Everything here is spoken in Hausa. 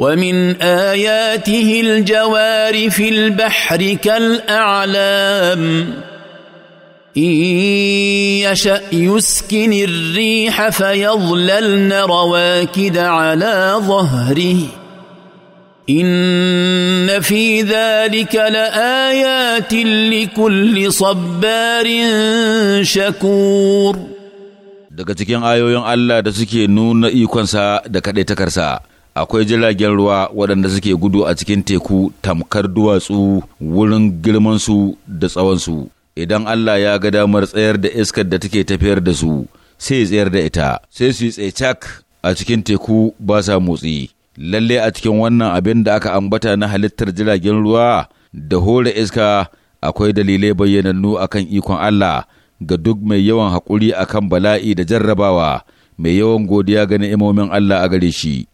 ومن اياته الجوار في البحر كالاعلام ان يشا يسكن الريح فيظللن رواكد على ظهره ان في ذلك لايات لكل صبار شكور daga cikin ayoyin Allah da suke nuna ikonsa da kaɗaitakarsa akwai jiragen ruwa waɗanda suke gudu a cikin teku tamkar duwatsu wurin girmansu da tsawonsu idan Allah ya ga damar tsayar da iskar da take tafiyar da su sai tsayar da ita sai su yi cak a cikin teku ba sa motsi lalle a cikin wannan abin da aka ambata na halittar jiragen ruwa da hore iska akwai dalilai bayyanannu akan ikon Allah ga duk mai yawan haƙuri akan bala'i da jarrabawa mai yawan godiya ga ni'imomin Allah a gare shi